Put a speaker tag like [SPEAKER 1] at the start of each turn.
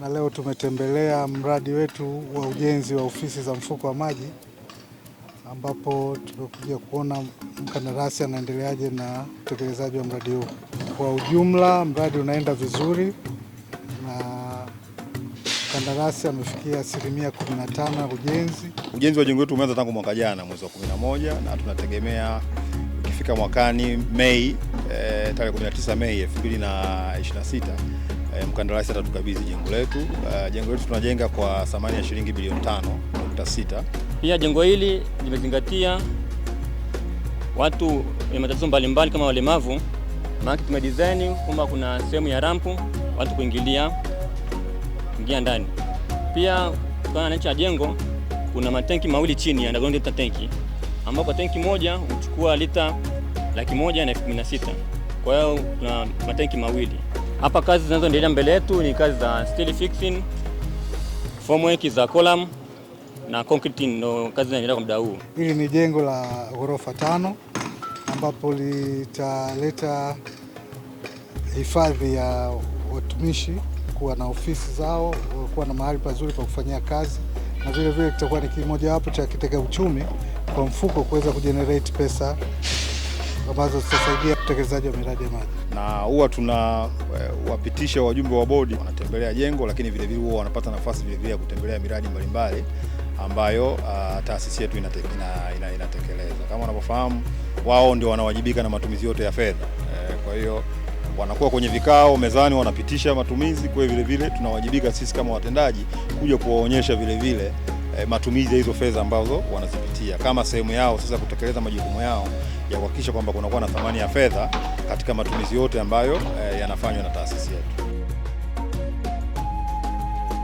[SPEAKER 1] na leo tumetembelea mradi wetu wa ujenzi wa ofisi za mfuko wa maji ambapo tumekuja kuona mkandarasi anaendeleaje na utekelezaji wa mradi huu. Kwa ujumla, mradi unaenda vizuri na mkandarasi amefikia asilimia 15 ya ujenzi.
[SPEAKER 2] Ujenzi wa jengo letu umeanza tangu mwaka jana mwezi wa 11 na tunategemea ukifika mwakani Mei, eh, tarehe 19 Mei 2026 e, mkandarasi atatukabidhi jengo letu. E, jengo letu tunajenga kwa thamani ya shilingi bilioni 5.6.
[SPEAKER 3] Pia jengo hili limezingatia watu wenye matatizo mbalimbali kama walemavu, maana tumedesign kwamba kuna sehemu ya rampu watu kuingilia ingia ndani. Pia kutokana na nchi ya jengo kuna matenki mawili chini ya underground water tanki, ambapo kwa tenki moja huchukua lita laki moja na elfu kumi na sita. Kwa hiyo kuna matenki mawili.
[SPEAKER 4] Hapa kazi zinazoendelea mbele yetu ni kazi za steel fixing, formwork za column na concrete, ndo kazi zinaendelea kwa muda huu.
[SPEAKER 1] Hili ni jengo la ghorofa tano ambapo litaleta hifadhi ya watumishi kuwa na ofisi zao, kuwa na mahali pazuri pa kufanyia kazi na vile vile kitakuwa ni kimojawapo cha kitega uchumi kwa mfuko kuweza kujenerate pesa ambazo zitasaidia utekelezaji wa miradi ya maji,
[SPEAKER 2] na huwa tuna eh, wapitisha wajumbe wa bodi wanatembelea jengo, lakini vilevile huwa wanapata nafasi vilevile ya kutembelea miradi mbalimbali ambayo uh, taasisi yetu inatekeleza ina, ina, kama unavyofahamu, wao ndio wanawajibika na matumizi yote ya fedha e, kwa hiyo wanakuwa kwenye vikao mezani wanapitisha matumizi. Kwa hiyo vilevile tunawajibika sisi kama watendaji kuja kuwaonyesha vilevile e, matumizi ya hizo fedha ambazo wanazipitia kama sehemu yao sasa kutekeleza majukumu yao ya kuhakikisha kwamba kunakuwa na thamani ya fedha katika matumizi yote ambayo e, yanafanywa na taasisi yetu.